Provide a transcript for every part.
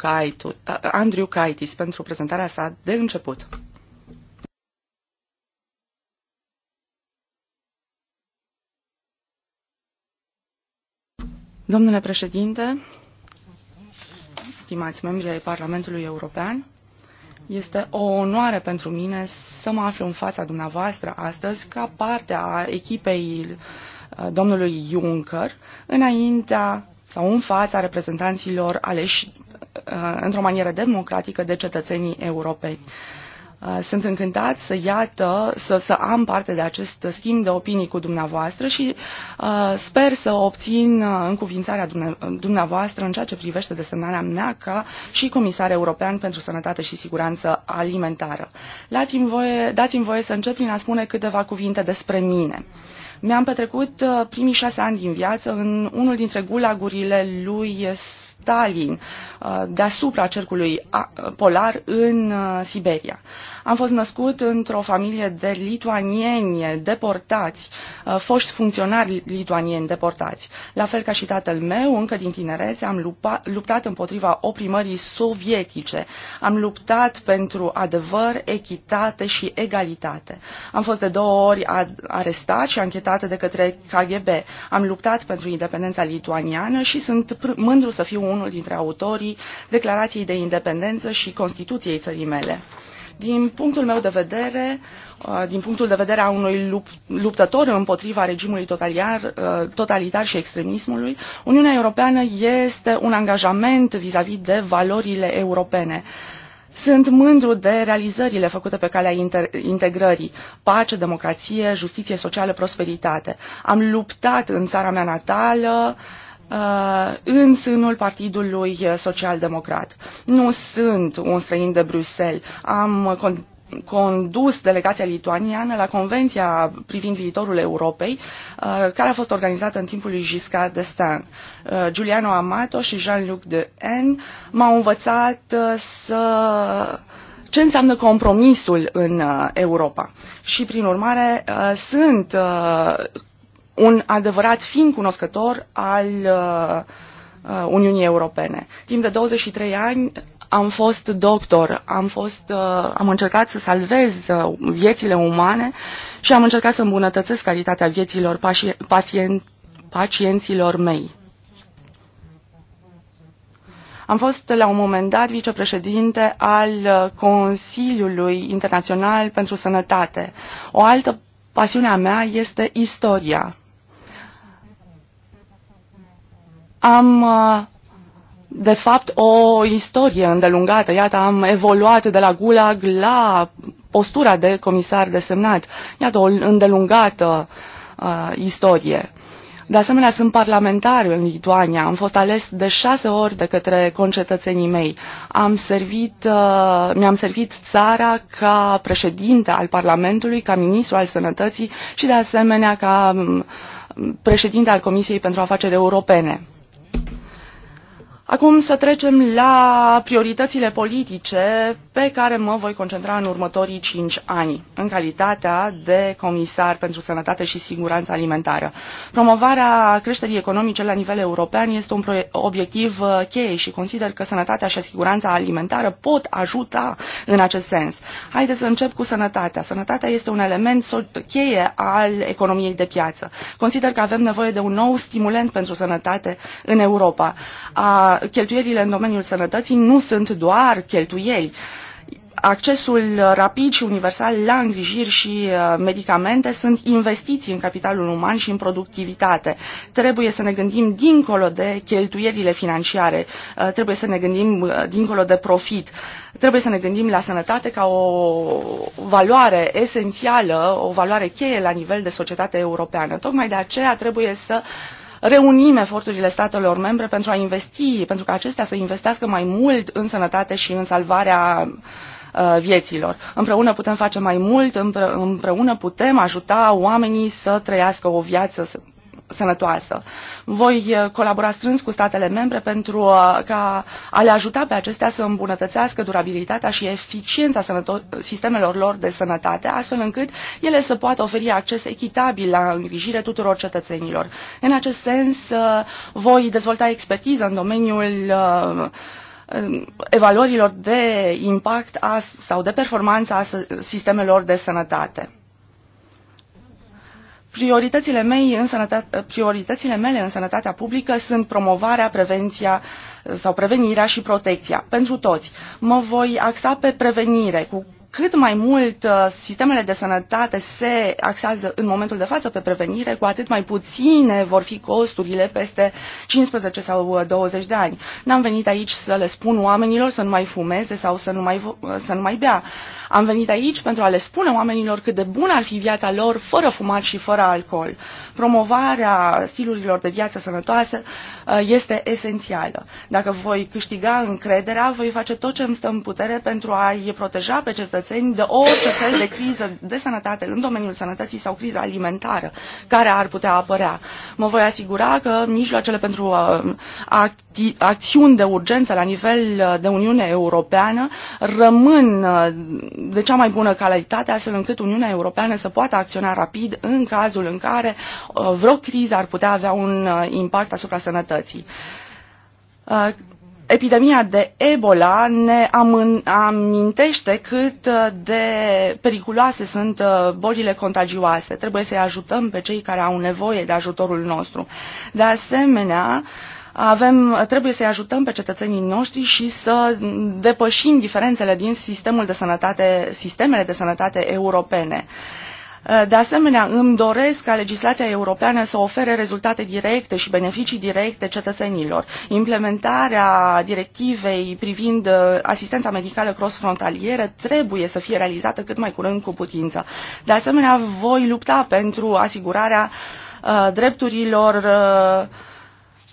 Kaitu, Andrew Kaitis pentru prezentarea sa de început. Domnule președinte, stimați membri ai Parlamentului European, este o onoare pentru mine să mă aflu în fața dumneavoastră astăzi ca parte a echipei domnului Juncker, înaintea sau în fața reprezentanților aleși Uh, într-o manieră democratică de cetățenii europeni. Uh, sunt încântat să iată, să, să am parte de acest schimb de opinii cu dumneavoastră și uh, sper să obțin uh, încuvințarea dumneavoastră în ceea ce privește desemnarea mea ca și comisar european pentru sănătate și siguranță alimentară. Dați-mi voie, dați voie să încep prin a spune câteva cuvinte despre mine. Uh, mi-am petrecut uh, primii șase ani din viață în unul dintre gulagurile lui Stalin, uh, deasupra cercului polar în uh, Siberia. Am fost născut într-o familie de lituanieni deportați, foști funcționari lituanieni deportați. La fel ca și tatăl meu, încă din tinerețe am lupa, luptat împotriva oprimării sovietice. Am luptat pentru adevăr, echitate și egalitate. Am fost de două ori arestat și anchetat date de către KGB. Am luptat pentru independența lituaniană și sunt mândru să fiu unul dintre autorii declarației de independență și Constituției țării mele. Din punctul meu de vedere, uh, din punctul de vedere a unui luptător împotriva regimului totalitar, uh, totalitar și extremismului, Uniunea Europeană este un angajament vis-a-vis -vis de valorile europene. Sunt mândru de realizările făcute pe calea integrării, pace, democrație, justiție socială, prosperitate. Am luptat în țara mea natală, uh, în sânul Partidului Social-Democrat. Nu sunt un străin de Bruxelles. Am condus delegația lituaniană la convenția privind viitorul Europei, uh, care a fost organizată în timpul lui Giscard d'Estaing. Uh, Giuliano Amato și Jean-Luc de N m-au învățat uh, să ce înseamnă compromisul în Europa. Și, prin urmare, sunt un adevărat fin cunoscător al Uniunii Europene. Timp de 23 ani am fost doctor, am, fost, uh, am încercat să salvez uh, viețile umane și am încercat să îmbunătățesc calitatea vieților paci pacienților mei. Am fost la un moment dat vicepreședinte al uh, Consiliului Internațional pentru Sănătate. O altă pasiune a mea este istoria. Am uh, de fapt, o istorie îndelungată. Iată, am evoluat de la gulag la postura de comisar desemnat. Iată, o îndelungată uh, istorie. De asemenea, sunt parlamentar în Lituania. Am fost ales de șase ori de către concetățenii mei. Am servit, uh, mi-am servit țara ca președinte al Parlamentului, ca ministru al sănătății și, de asemenea, ca mm, președinte al Comisiei pentru Afaceri Europene. Acum să trecem la prioritățile politice pe care mă voi concentra în următorii 5 ani, în calitatea de comisar pentru sănătate și siguranță alimentară. Promovarea creșterii economice la nivel european este un obiectiv uh, cheie și consider că sănătatea și siguranța alimentară pot ajuta în acest sens. Haideți să încep cu sănătatea. Sănătatea este un element cheie al economiei de piață. Consider că avem nevoie de un nou stimulent pentru sănătate în Europa. A cheltuielile în domeniul sănătății nu sunt doar cheltuieli. Accesul rapid și universal la îngrijiri și uh, medicamente sunt investiții în capitalul uman și în productivitate. Trebuie să ne gândim dincolo de cheltuielile financiare, uh, trebuie să ne gândim uh, dincolo de profit, trebuie să ne gândim la sănătate ca o valoare esențială, o valoare cheie la nivel de societate europeană. Tocmai de aceea trebuie să uh, reunim eforturile statelor membre pentru a investi, pentru ca acestea să investească mai mult în sănătate și în salvarea uh, vieților. Împreună putem face mai mult, împreună putem ajuta oamenii să trăiască o viață sănătoasă. Voi eh, colabora strâns cu statele membre pentru eh, ca a le ajuta pe acestea să îmbunătățească durabilitatea și eficiența sistemelor lor de sănătate, astfel încât ele să poată oferi acces echitabil la îngrijire tuturor cetățenilor. În acest sens, eh, voi dezvolta expertiză în domeniul evaluărilor de impact a, sau de performanță a sistemelor de sănătate. Prioritățile, mei în sănătate, prioritățile mele în sănătatea publică sunt promovarea, prevenția sau prevenirea și protecția pentru toți. Mă voi axa pe prevenire cu cât mai mult uh, sistemele de sănătate se axează în momentul de față pe prevenire, cu atât mai puține vor fi costurile peste 15 sau 20 uh, de ani. N-am venit aici să le spun oamenilor să nu mai fumeze sau să nu mai, uh, să nu mai bea. Am venit aici pentru a le spune oamenilor cât de bună ar fi viața lor fără fumat și fără alcool. Promovarea stilurilor de viață sănătoasă este esențială. Dacă voi câștiga încrederea, voi face tot ce îmi stă în putere pentru a-i proteja pe cetățenii cetățeni de orice fel de criză de sănătate în domeniul sănătății sau criză alimentară care ar putea apărea. Mă voi asigura că mijloacele pentru uh, acti- acțiuni de urgență la nivel uh, de Uniune Europeană rămân uh, de cea mai bună calitate, astfel încât Uniunea Europeană să poată acționa rapid în cazul în care vreo criză ar putea avea un impact asupra sănătății epidemia de Ebola ne amintește cât uh, de periculoase sunt uh, bolile contagioase. Trebuie să-i ajutăm pe cei care au nevoie de ajutorul nostru. De asemenea, avem, trebuie să-i ajutăm pe cetățenii noștri și să depășim diferențele din sistemul de sănătate, sistemele de sănătate europene. Uh, Uh, de asemenea, îmi doresc ca legislația europeană să ofere rezultate directe și beneficii directe cetățenilor. Implementarea directivei privind uh, asistența medicală cross-frontalieră trebuie să fie realizată cât mai curând cu putință. De asemenea, voi lupta pentru asigurarea uh, drepturilor uh,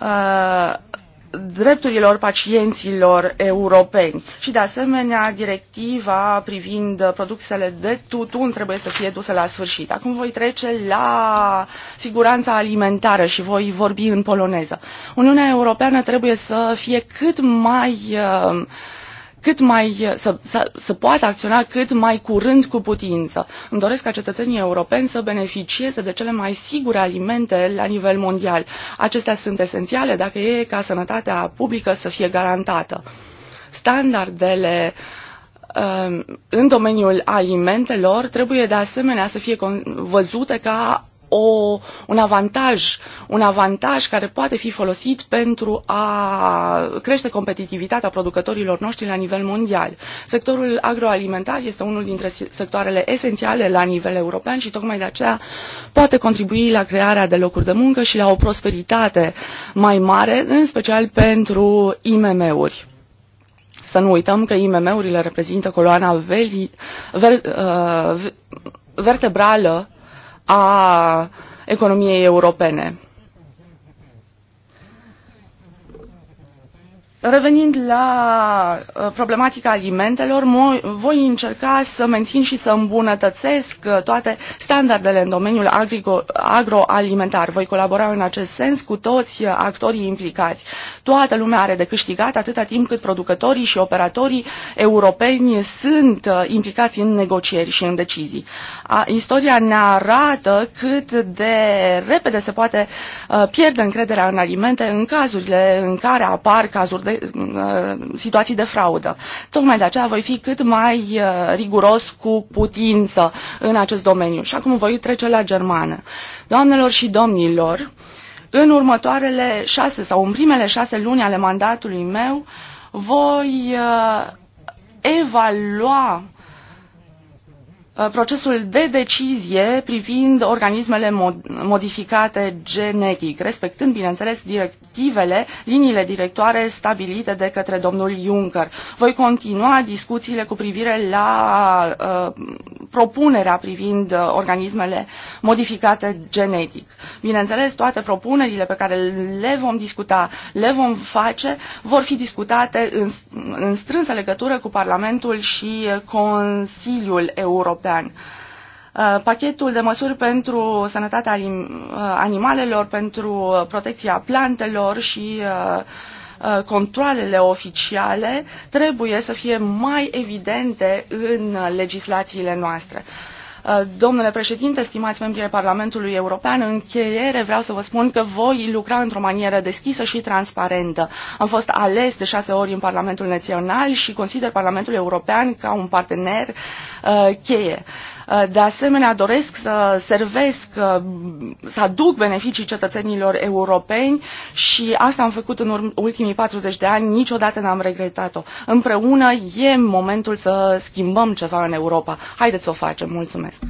uh, drepturilor pacienților europeni. Și de asemenea, directiva privind produsele de tutun trebuie să fie dusă la sfârșit. Acum voi trece la siguranța alimentară și voi vorbi în poloneză. Uniunea Europeană trebuie să fie cât mai uh, cât mai, să, să, să poată acționa cât mai curând cu putință. Îmi doresc ca cetățenii europeni să beneficieze de cele mai sigure alimente la nivel mondial. Acestea sunt esențiale dacă e ca sănătatea publică să fie garantată. Standardele um, în domeniul alimentelor trebuie de asemenea să fie văzute ca o, un avantaj, un avantaj care poate fi folosit pentru a crește competitivitatea producătorilor noștri la nivel mondial. Sectorul agroalimentar este unul dintre sectoarele esențiale la nivel european și tocmai de aceea poate contribui la crearea de locuri de muncă și la o prosperitate mai mare, în special pentru IMM-uri. Să nu uităm că IMM-urile reprezintă coloana veli, ver, uh, vertebrală a economiei europene. Revenind la uh, problematica alimentelor, voi încerca să mențin și să îmbunătățesc uh, toate standardele în domeniul agroalimentar. Voi colabora în acest sens cu toți uh, actorii implicați. Toată lumea are de câștigat atâta timp cât producătorii și operatorii europeni sunt implicați în negocieri și în decizii. Istoria ne arată cât de repede se poate pierde încrederea în alimente în cazurile în care apar cazuri de Uh, situații de fraudă. Tocmai de aceea voi fi cât mai uh, riguros cu putință în acest domeniu. Și acum voi trece la germană. Doamnelor și domnilor, în următoarele șase sau în primele șase luni ale mandatului meu voi uh, evalua uh, Uh, procesul de decizie privind organismele modificate genetic, respectând, bineînțeles, directivele, liniile directoare stabilite de către domnul Juncker. Voi continua discuțiile cu privire la uh, propunerea privind uh, organismele modificate genetic. Bineînțeles, toate propunerile pe care le vom discuta, le vom face, vor fi discutate în, în strânsă legătură cu Parlamentul și uh, Consiliul European european. Uh, pachetul de măsuri pentru sănătatea uh, animalelor, pentru uh, protecția plantelor și controlele oficiale trebuie să fie mai evidente în legislațiile noastre. Domnule președinte, stimați membri ai Parlamentului European, în încheiere vreau să vă spun că voi lucra într-o manieră deschisă și transparentă. Am fost ales de șase ori în Parlamentul Național și consider Parlamentul European ca un partener uh, Uh, cheie. Uh, de asemenea, doresc să servesc, uh, să aduc beneficii cetățenilor europeni și asta am făcut în ultimii 40 de ani, niciodată n-am regretat-o. Împreună e momentul să schimbăm ceva în Europa. Haideți să o facem. Mulțumesc!